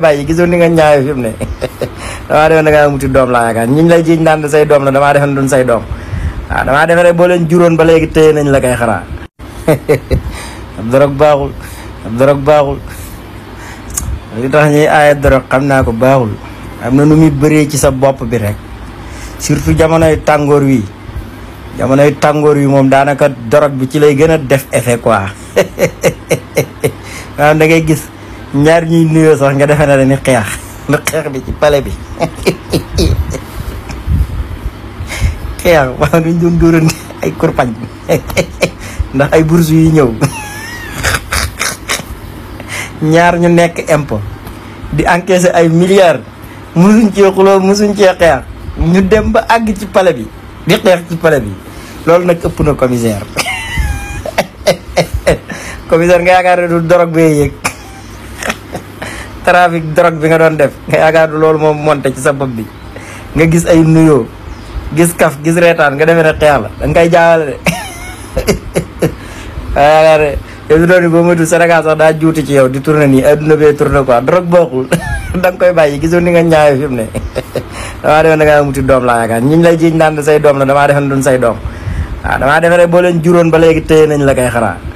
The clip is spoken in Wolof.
bàyyi gisoon ni nga ñaawee fi mu ne damaa defoon da muti doom laa yaakaar ñi ñu lay jiñ naan say doom la dama defoon duñ say doom waaw damaa defe rek boo juróon ba léegi téye nañ la kay xanaa baaxul ab baaxul li tax ñuy aaye dorog xam naa ko baaxul am na nu muy bëree ci sa bopp bi rek surtout jamonoy tàngoor wi jamonoy tàngoor wi moom daanaka dorog bi ci lay gën a def effet quoi maanaam da ngay gis ñaar ñi nuyo sax nga defé na dañuy xex na xex bi ci pale bi xeex wala ñu doon dóorante ay kurpañ ndax ay bourse yi ñew ñaar ñu nekk impo di encaisser ay milliards musuñ cee xuloo musuñ ci xex ñu dem ba ag ci pale bi di xex ci pale bi lool nak ëpp na commissaire commissaire nga yaakaar du dorog bee yëg trafic drogue bi nga doon def nga yaakaar loolu moom monte ci sa bopp bi nga gis ay nuyoo gis kaf gis reetaan nga defee ne xeex la danga koy jaawale de waaye yaakaar ne yow daa juuti ci yow di tourné nii adduna bee tourné quoi drogue da nga koy bàyyi gisoo ni nga ñaawee fi mu ne damaa defe ne nga muti doom laa yaakaar ñiñ lay jiñ naan say doom la damaa defe ne duñ say doom waaw damaa defe ne boo leen juróon ba léegi téye nañ la koy xaraa